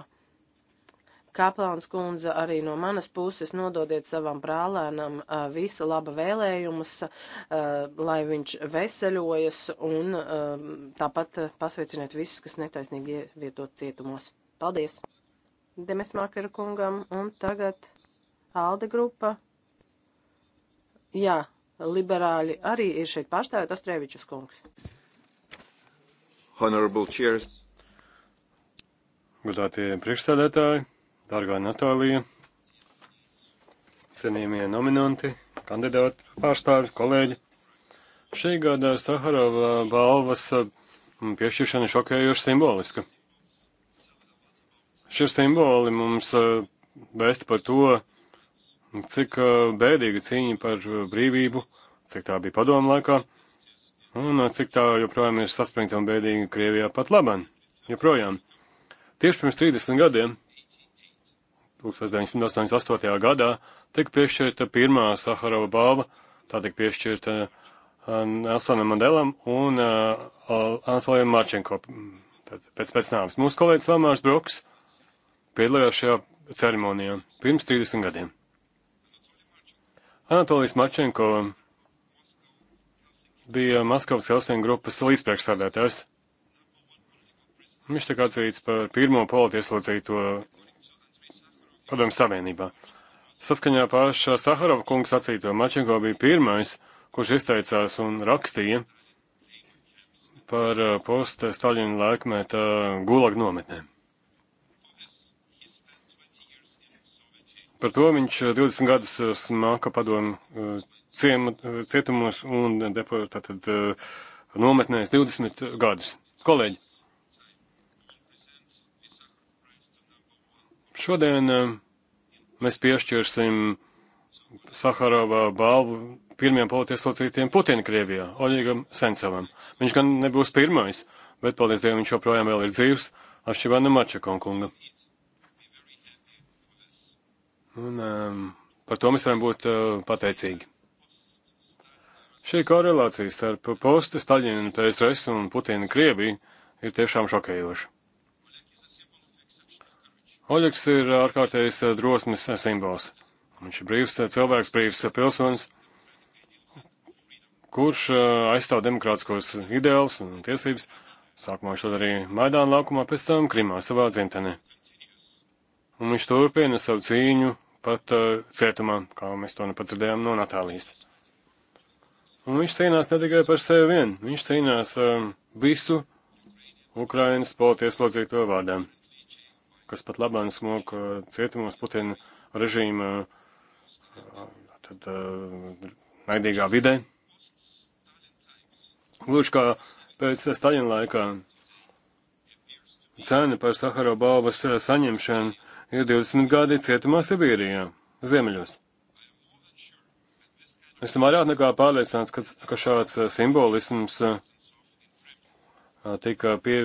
Kaplāns kundze, arī no manas puses nododiet savam brālēnam eh, visa laba vēlējumus, lai viņš veseļojas un tāpat pasveiciniet visus, kas netaisnīgi ievietot cietumos. Paldies! Demesmakera kungam un tagad Alde grupa Jā, liberāļi arī ir šeit pārstāvēt Ostrēvičus kungs. Honorable cheers. Godātie priekšstādētāji, dārgā Natālija, cienījamie nominanti, kandidāti, pārstāvi, kolēģi. Šī gada Saharova balvas mm, piešķiršana šokējoši simboliska. Šie simboli mums eh, vēsta par to, cik bēdīga cīņa par brīvību, cik tā bija padomu laikā, un cik tā joprojām ir saspringta un bēdīga Krievijā pat labam. Joprojām. Tieši pirms 30 gadiem, 1988. gadā, tika piešķirta pirmā Saharova balva, tā tika piešķirta Nelsonam Mandelam un uh, Anatolijam Marčenko. Tad pēc, pēc nāves. Mūsu kolēģis Lamārs Broks piedalījās šajā ceremonijā pirms 30 gadiem. Anatolijas Mačenko bija Maskavas Helsinku grupas līdzpriekšsādātājs. Viņš tiek atzīts par pirmo politieslodzīto padomu savienībā. Saskaņā paša Saharova kungs sacīto Mačenko bija pirmais, kurš izteicās un rakstīja par eh, posta Staļina laikmeta gulagu nometnēm. Par to viņš 20 eh, gadus eh, smaka padomu eh, cietumos un deportā tad nometnēs 20 gadus. Kolēģi, šodien mēs piešķirsim Saharovā balvu pirmiem politieslocītiem Putina Krievijā, Oļigam Sencovam. Viņš gan nebūs pirmais, bet, paldies Dievam, viņš joprojām vēl ir dzīvs, atšķirībā no Mačakonkunga. Un um, par to mēs varam būt uh, pateicīgi. Šī korelācija starp posta, Staļina, PSRS un Putina Krieviju ir tiešām šokējoša. Oļegs ir ārkārtējs uh, drosmes uh, simbols. Viņš ir brīvs uh, cilvēks, brīvs pilsonis, kurš aizstāv demokrātiskos ideālus un tiesības. Sākumā viņš to darīja Maidāna laukumā, pēc tam Krimā savā dzimtenē. Un viņš turpina savu cīņu pat uh, cietumā, kā mēs to nu pat dzirdējām no Natālijas. Un viņš cīnās ne tikai par sevi vien, viņš cīnās um, visu Ukrainas politieslodzīto vārdā, kas pat labāk smok uh, cietumos Putina režīma uh, tad, uh, naidīgā vidē. Gluži kā pēc Staļina laikā cena par Sahara balvas uh, saņemšanu ir 20 gadi cietumā Sibīrijā, Ziemeļos. Esmu vairāk nekā pārliecināts, ka, ka šāds eh, simbolisms eh, tika pie,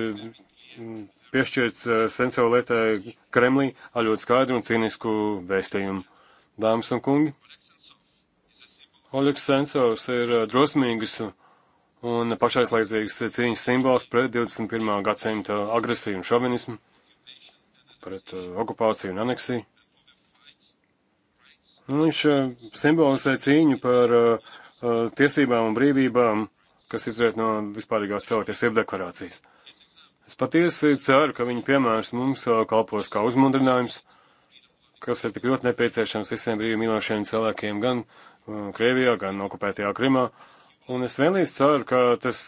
piešķirts eh, sensualitātei Kremlī ar ļoti skaidru un cīnisku vēstījumu. Dāmas un kungi, Oļegs Sensors ir drosmīgs un pašaizlaidzīgs cīņas simbols pret 21. gadsimta agresiju un šovinismu pret uh, okupāciju un aneksiju. Un nu, viņš uh, simbolizē cīņu par uh, uh, tiesībām un brīvībām, kas izriet no vispārīgās cilvēktiesību deklarācijas. Es patiesi ceru, ka viņa piemērs mums kalpos kā uzmundrinājums, kas ir tik ļoti nepieciešams visiem brīvi mīlošiem cilvēkiem gan Krievijā, gan okupētajā Krimā. Un es vienlīdz ceru, ka tas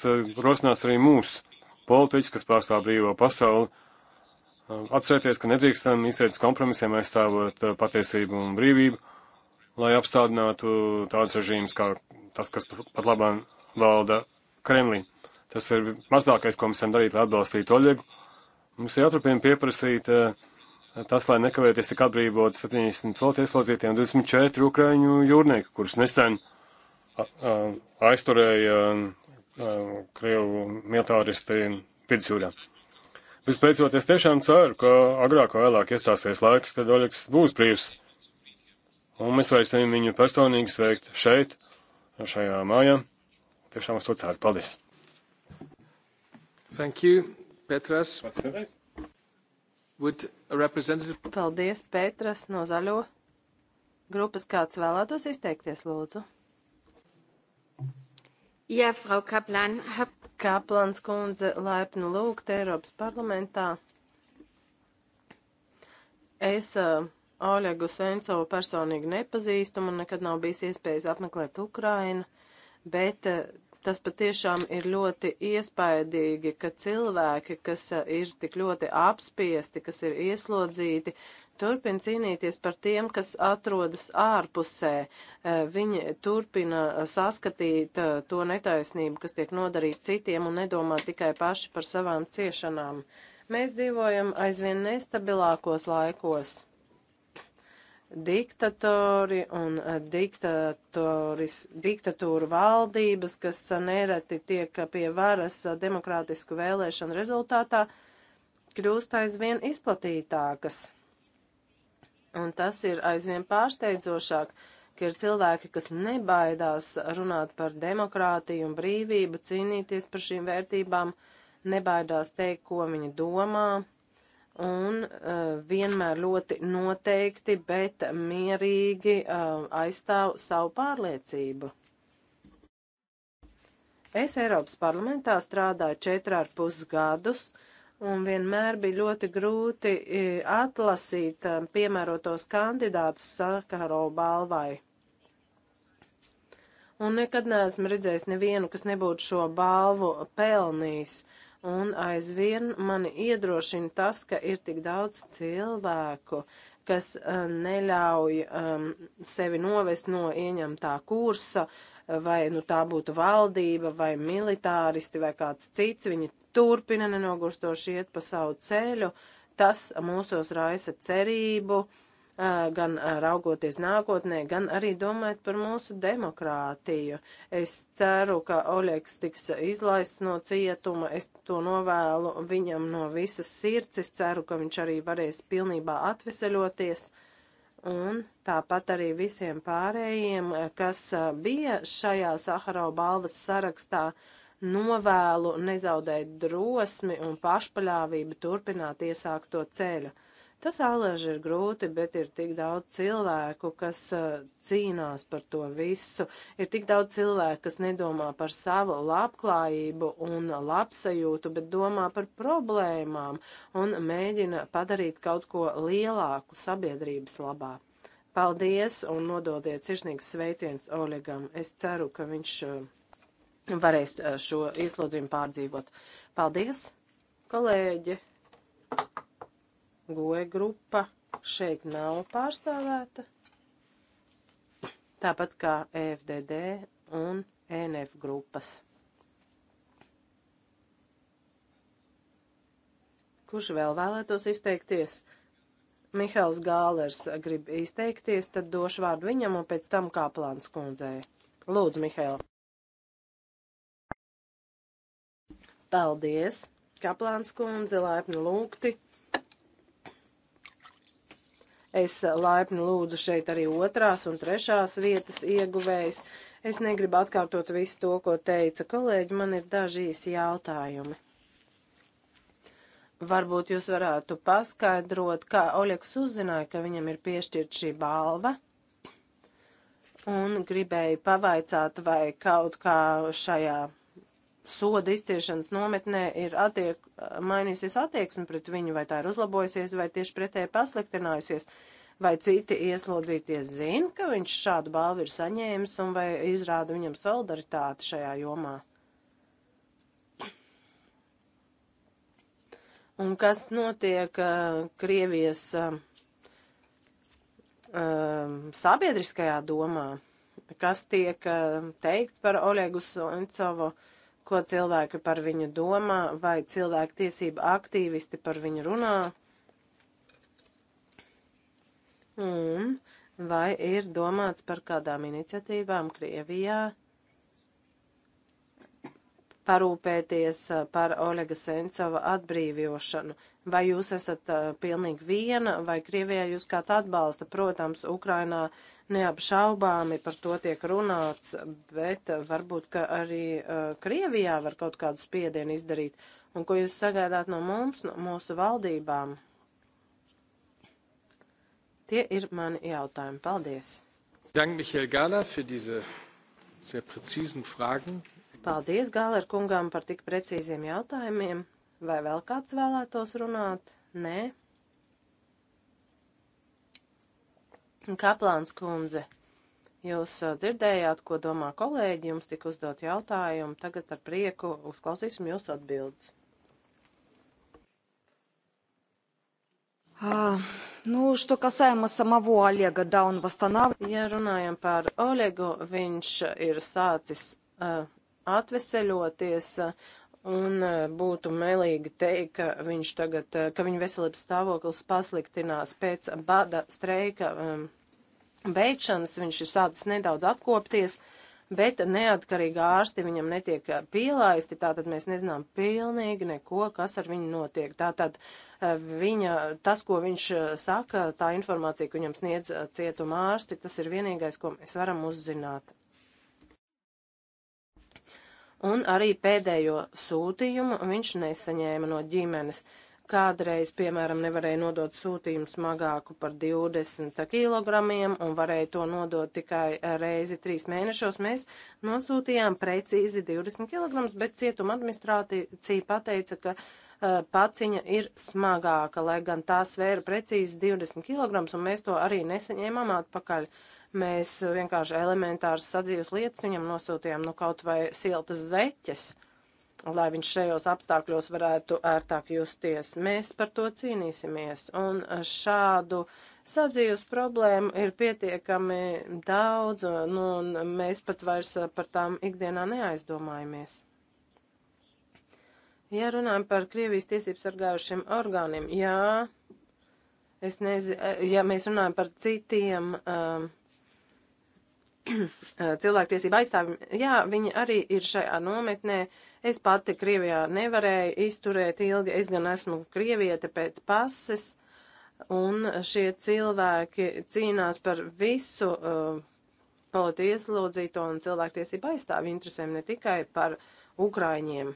rosinās arī mūsu politiķus, kas pārstāv brīvo pasauli, Um, Atcerieties, ka nedrīkstam izsēdus kompromisiem aizstāvot uh, patiesību un brīvību, lai apstādinātu tādas režīmas kā tas, kas pat labāk valda Kremlī. Tas ir mazākais, ko mēs varam darīt, lai atbalstītu Oļegu. Mums ir jāturpina pieprasīt uh, tas, lai nekavēties tik atbrīvot 70 valsts ieslodzītie un 24 ukraiņu jūrnieki, kurus nesen aizturēja Krievu militāristi vidusjūrā. Vispēcot, es tiešām ceru, ka agrāk vai vēlāk iestāsies laiks, kad Oļegs būs brīvs. Un mēs varēsim viņu personīgi sveikt šeit, šajā mājā. Tiešām uz to ceru. Paldies! Thank you, Petras. Would a representative... Paldies, Petras no Zaļo. Grupas kāds vēlētos izteikties, lūdzu. Jā, ja, Frau Kaplan. Hab... Kaplans kundze laipni lūgt Eiropas parlamentā. Es uh, Oļegu Sencovu personīgi nepazīstu, man nekad nav bijis iespējas apmeklēt Ukrainu, bet uh, tas patiešām ir ļoti iespaidīgi, ka cilvēki, kas uh, ir tik ļoti apspiesti, kas ir ieslodzīti, uh, turpina cīnīties par tiem, kas atrodas ārpusē. Eh, viņi turpina eh, saskatīt eh, to netaisnību, kas tiek nodarīta citiem un nedomā tikai paši par savām ciešanām. Mēs dzīvojam aizvien nestabilākos laikos diktatori un diktatūru valdības, kas nereti tiek pie varas demokrātisku vēlēšanu rezultātā, kļūst aizvien izplatītākas. Un tas ir aizvien pārsteidzošāk, ka ir cilvēki, kas nebaidās runāt par demokrātiju un brīvību, cīnīties par šīm vērtībām, nebaidās teikt, ko viņi domā, un uh, vienmēr ļoti noteikti, bet mierīgi uh, aizstāv savu pārliecību. Es Eiropas parlamentā strādāju četrā ar pusgadus gadus un vienmēr bija ļoti grūti e, atlasīt e, piemērotos kandidātus Sakaro balvai. Un nekad neesmu redzējis nevienu, kas nebūtu šo balvu pelnījis. Un aizvien mani iedrošina tas, ka ir tik daudz cilvēku, kas e, neļauj um, sevi novest no ieņemtā kursa, vai nu tā būtu valdība, vai militāristi, vai kāds cits. Viņi turpina nenogurstoši iet pa savu ceļu. Tas mūsos raisa cerību, gan raugoties nākotnē, gan arī domājot par mūsu demokrātiju. Es ceru, ka Oļegs tiks izlaists no cietuma, es to novēlu viņam no visas sirds, es ceru, ka viņš arī varēs pilnībā atveseļoties un tāpat arī visiem pārējiem, kas bija šajā Saharau balvas sarakstā, uh, Novēlu nezaudēt drosmi un pašpaļāvību turpināt iesākto ceļu. Tas allaž ir grūti, bet ir tik daudz cilvēku, kas uh, cīnās par to visu. Ir tik daudz cilvēku, kas nedomā par savu labklājību un labsajūtu, bet domā par problēmām un mēģina padarīt kaut ko lielāku sabiedrības labā. Paldies un nododiet sirsnīgs sveiciens Olegam. Es ceru, ka viņš uh, varēs šo ieslodzījumu pārdzīvot. Paldies, kolēģi! Goja grupa šeit nav pārstāvēta, tāpat kā EFDD un ENF grupas. Kurš vēl vēlētos izteikties? Mihāls Gālers grib izteikties, tad došu vārdu viņam un pēc tam kā plāns kundzei. Lūdzu, Mihēl. Paldies, Kaplāns kundze, laipni lūgti. Es laipni lūdzu šeit arī otrās un trešās vietas ieguvējus. Es negribu atkārtot visu to, ko teica kolēģi, man ir daži īsi jautājumi. Varbūt jūs varētu paskaidrot, kā Oļeks uzzināja, ka viņam ir piešķirta šī balva, un gribēju pavaicāt, vai kaut kā šajā soda izciešanas nometnē ir attiek, mainījusies attieksme pret viņu, vai tā ir uzlabojusies, vai tieši pretēji pasliktinājusies, vai citi ieslodzīties zina, ka viņš šādu balvu ir saņēmis un vai izrāda viņam solidaritāti šajā jomā. Un kas notiek uh, Krievijas uh, uh, sabiedriskajā domā? Kas tiek uh, teikts par Olegu Soncovu? Uh, ko cilvēki par viņu domā, vai cilvēku tiesība aktīvisti par viņu runā, un vai ir domāts par kādām iniciatīvām Krievijā parūpēties uh, par Olega Sencova atbrīvošanu. Vai jūs esat uh, pilnīgi viena, vai Krievijā jūs kāds atbalsta? Protams, Ukrainā uh, neapšaubāmi par to tiek runāts, bet varbūt, ka arī uh, Krievijā var kaut kādu spiedienu izdarīt. Un ko jūs sagaidāt no mums, no mūsu valdībām? Tie ir mani jautājumi. Paldies! Dank, Mihail Gala, für diese sehr präzisen Fragen. Paldies Gāler kungām par tik precīziem jautājumiem. Vai vēl kāds vēlētos runāt? Nē. Kaplāns kundze, jūs uh, dzirdējāt, ko domā kolēģi, jums tika uzdot jautājumu, tagad ar prieku uzklausīsim jūsu atbildes. А, nu, что касаемо самого Олега, да, он восстанавливается. Ja runājam par Olegu, viņš ir sācis uh, atveseļoties, uh, Un e, būtu melīgi teikt, ka viņš tagad, e, ka viņa veselības stāvoklis pasliktinās pēc bada streika e, beigšanas. Viņš ir sācis nedaudz atkopties, bet neatkarīgi ārsti viņam netiek pielaisti, tātad mēs nezinām pilnīgi neko, kas ar viņu notiek. Tātad viņa, tas, ko viņš saka, tā informācija, ko viņam sniedz cietuma ārsti, tas ir vienīgais, ko mēs varam uzzināt un arī pēdējo sūtījumu viņš nesaņēma no ģimenes. Kādreiz, piemēram, nevarēja nodot sūtījumu smagāku par 20 kg un varēja to nodot tikai reizi 3 mēnešos. Mēs nosūtījām precīzi 20 kg, bet cietuma administrācija pateica, ka uh, paciņa ir smagāka, lai gan tā svēra precīzi 20 kg, un mēs to arī nesaņēmām atpakaļ. Uh, Mēs vienkārši elementāras sadzīves lietas viņam nosūtījām, nu kaut vai siltas zeķes, lai viņš šajos apstākļos varētu ērtāk justies. Mēs par to cīnīsimies, un šādu sadzīves problēmu ir pietiekami daudz, nu, un mēs pat vairs par tām ikdienā neaizdomājamies. Ja runājam par Krievijas tiesību sargājušiem orgāniem, jā, es nezinu, ja mēs runājam par citiem. Um, uh, cilvēktiesība aizstāvi, jā, viņi arī ir šajā nometnē. Es pati Krievijā nevarēju izturēt ilgi, es gan esmu krieviete pēc pases, un šie cilvēki cīnās par visu uh, politiju ieslodzīto un cilvēktiesību aizstāvi interesēm, ne tikai par Ukraiņiem.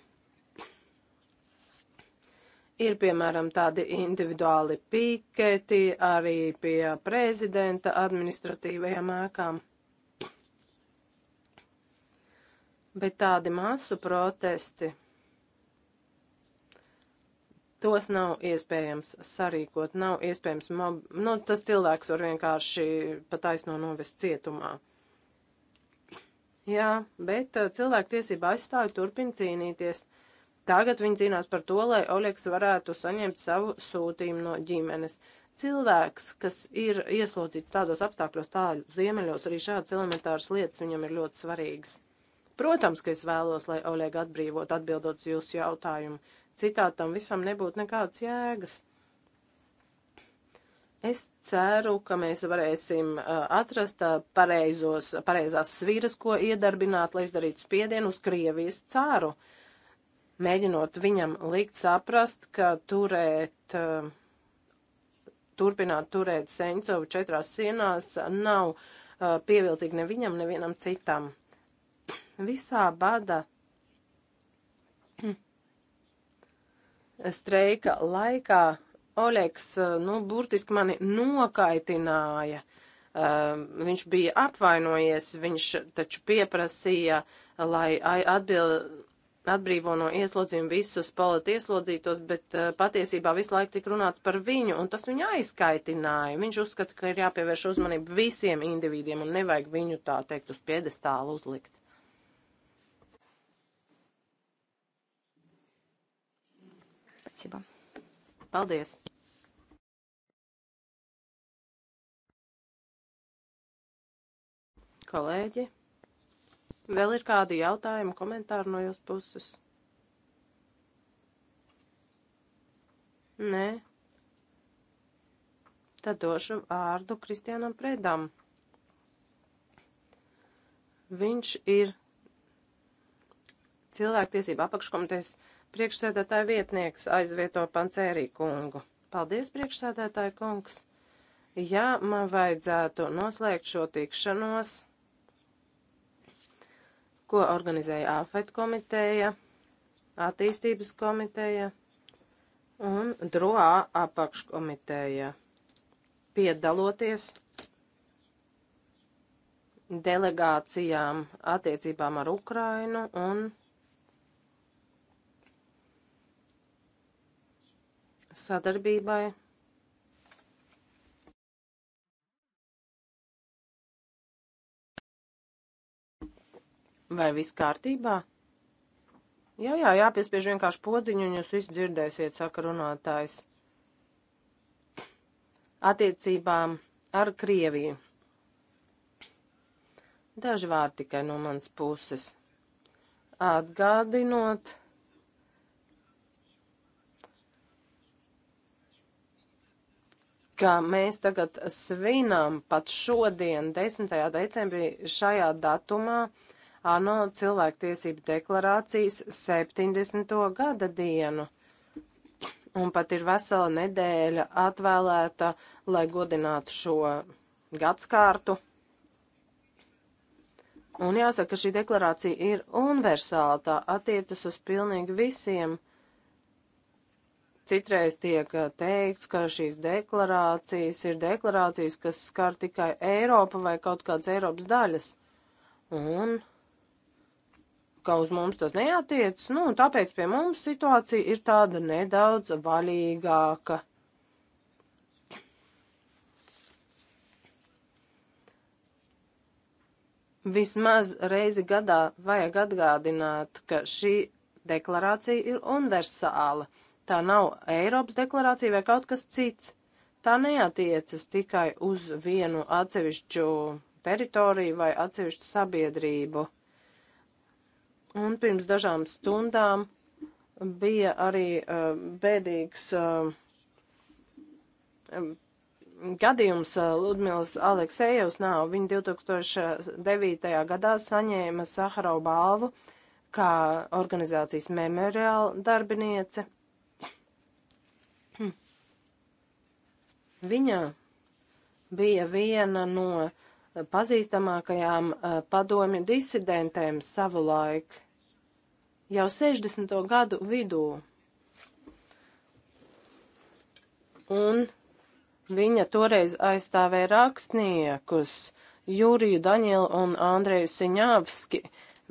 Ir, piemēram, tādi individuāli piketi arī pie prezidenta administratīvajām ēkām. bet tādi masu protesti, tos nav iespējams sarīkot, nav iespējams, mob... nu, tas cilvēks var vienkārši pataisno novest cietumā. Jā, bet uh, cilvēktiesība aizstāvi turpina cīnīties. Tagad viņi cīnās par to, lai Oļeks varētu saņemt savu sūtījumu no ģimenes. Cilvēks, kas ir ieslodzīts tādos apstākļos, tādu ziemeļos, arī šādas elementāras lietas viņam ir ļoti svarīgas. Protams, ka es vēlos, lai Oļega atbrīvot atbildot jūsu jautājumu. Citādi tam visam nebūtu nekādas jēgas. Es ceru, ka mēs varēsim uh, atrast uh, pareizos, pareizās sviras, ko iedarbināt, lai izdarītu spiedienu uz Krievijas cāru, mēģinot viņam likt saprast, ka turēt, uh, turpināt turēt Seņcovu četrās sienās nav pievilcīgi ne viņam, nevienam citam. Visā bada streika laikā Oļegs, nu, burtiski mani nokaitināja. Uh, viņš bija apvainojies, viņš taču pieprasīja, lai atbild, atbrīvo no ieslodzījuma visus politieslodzītos, bet uh, patiesībā visu laiku tika runāts par viņu, un tas viņu aizskaitināja. Viņš uzskata, ka ir jāpievērš uzmanība visiem individiem, un nevajag viņu tā teikt uz piedestālu uzlikt. Spēcība. Paldies! Kolēģi, vēl ir kādi jautājumi, komentāri no jūsu puses? Nē. Tad došu vārdu Kristianam Predam. Viņš ir cilvēktiesība apakškomitejas Priekšsēdētāja vietnieks aizvieto pancērī kungu. Paldies, priekšsēdētāja kungs. Ja man vajadzētu noslēgt šo tikšanos, ko organizēja AFET komiteja, attīstības komiteja un DROA apakškomiteja, piedaloties delegācijām attiecībām ar Ukrainu un Ukrainu sadarbībai. Vai viss kārtībā? Jā, jā, jāpiespiež vienkārši podziņu, un jūs visi dzirdēsiet, saka runātājs. Attiecībām ar Krieviju. Daži vārdi tikai no manas puses. Atgādinot ka mēs tagad svinam pat šodien, 10. decembrī, šajā datumā ANO cilvēktiesību deklarācijas 70. gada dienu. Un pat ir vesela nedēļa atvēlēta, lai godinātu šo gadskārtu. Un jāsaka, ka šī deklarācija ir universāla, tā attiecas uz pilnīgi visiem Citreiz tiek teikts, ka šīs deklarācijas ir deklarācijas, kas skar tikai Eiropu vai kaut kādas Eiropas daļas. Un ka uz mums tas neatiec, nu, un tāpēc pie mums situācija ir tāda nedaudz vaļīgāka. Vismaz reizi gadā vajag atgādināt, ka šī deklarācija ir universāla. Tā nav Eiropas deklarācija vai kaut kas cits. Tā neatiecas tikai uz vienu atsevišķu teritoriju vai atsevišķu sabiedrību. Un pirms dažām stundām bija arī uh, bēdīgs uh, gadījums uh, Ludmils Aleksejevs nav. Viņa 2009. gadā saņēma Saharau balvu kā organizācijas memoriāla darbiniece. Viņa bija viena no pazīstamākajām eh, padomju disidentēm savulaik, jau 60. gadu vidū. Un viņa toreiz aizstāvēja rakstniekus Juriju Daņielu un Andreju Siņāvski,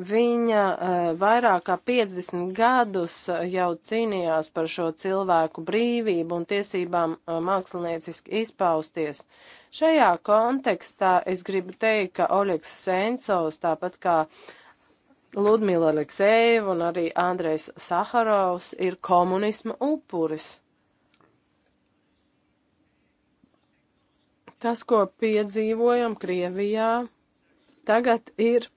Viņa eh, vairāk kā 50 gadus eh, jau cīnījās par šo cilvēku brīvību un tiesībām eh, mākslinieciski izpausties. Šajā kontekstā es gribu teikt, ka Oļegs Sencovs, tāpat kā Ludmila Aleksejeva un arī Andrejs Saharovs, ir komunisma upuris. Tas, ko piedzīvojam Krievijā, tagad ir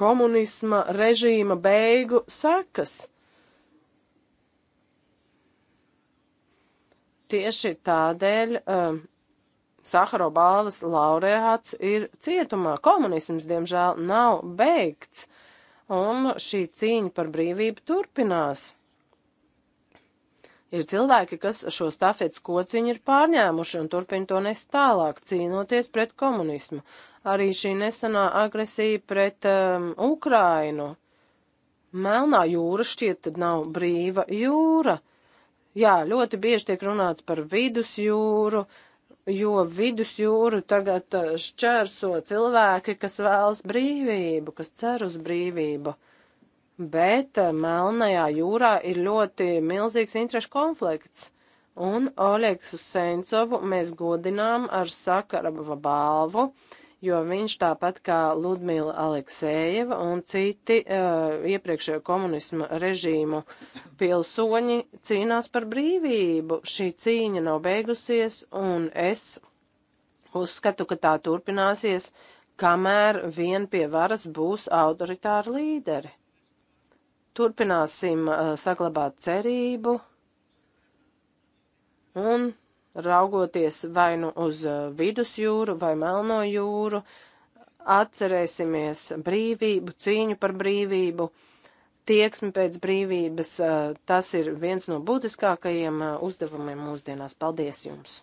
komunisma režīma beigu sekas. Tieši tādēļ uh, um, Sahara balvas laureāts ir cietumā. Komunisms, diemžēl, nav beigts, un šī cīņa par brīvību turpinās. Ir cilvēki, kas šo stafetes kociņu ir pārņēmuši un turpina to nest tālāk, cīnoties pret komunismu. Arī šī nesenā agresija pret um, Ukrainu. Melnā jūra šķiet tad nav brīva jūra. Jā, ļoti bieži tiek runāts par vidusjūru, jo vidusjūru tagad uh, šķērso cilvēki, kas vēlas brīvību, kas cer uz brīvību bet eh, Melnajā jūrā ir ļoti milzīgs interešu konflikts. Un Oļeksu Sencovu mēs godinām ar Sakarava balvu, jo viņš tāpat kā Ludmila Aleksējeva un citi uh, iepriekšējo komunismu režīmu pilsoņi cīnās par brīvību. Šī cīņa nav beigusies, un es uzskatu, ka tā turpināsies, kamēr vien pie varas būs autoritāri līderi. Turpināsim uh, saglabāt cerību un raugoties vai nu uz uh, vidusjūru vai melno jūru, atcerēsimies brīvību, cīņu par brīvību, tieksmi pēc brīvības. Uh, tas ir viens no būtiskākajiem uh, uzdevumiem mūsdienās. Paldies jums!